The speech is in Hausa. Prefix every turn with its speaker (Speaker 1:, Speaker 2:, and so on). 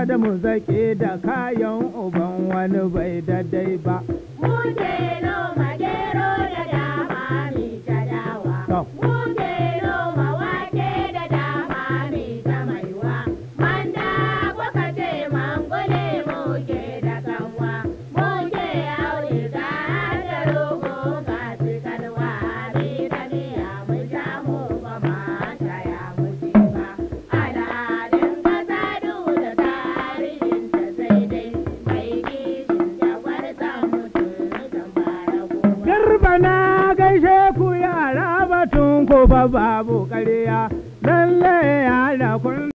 Speaker 1: Adamu zake da kayan uban wani bai daidai ba. Mu
Speaker 2: ko babu kariya lalle ya da kun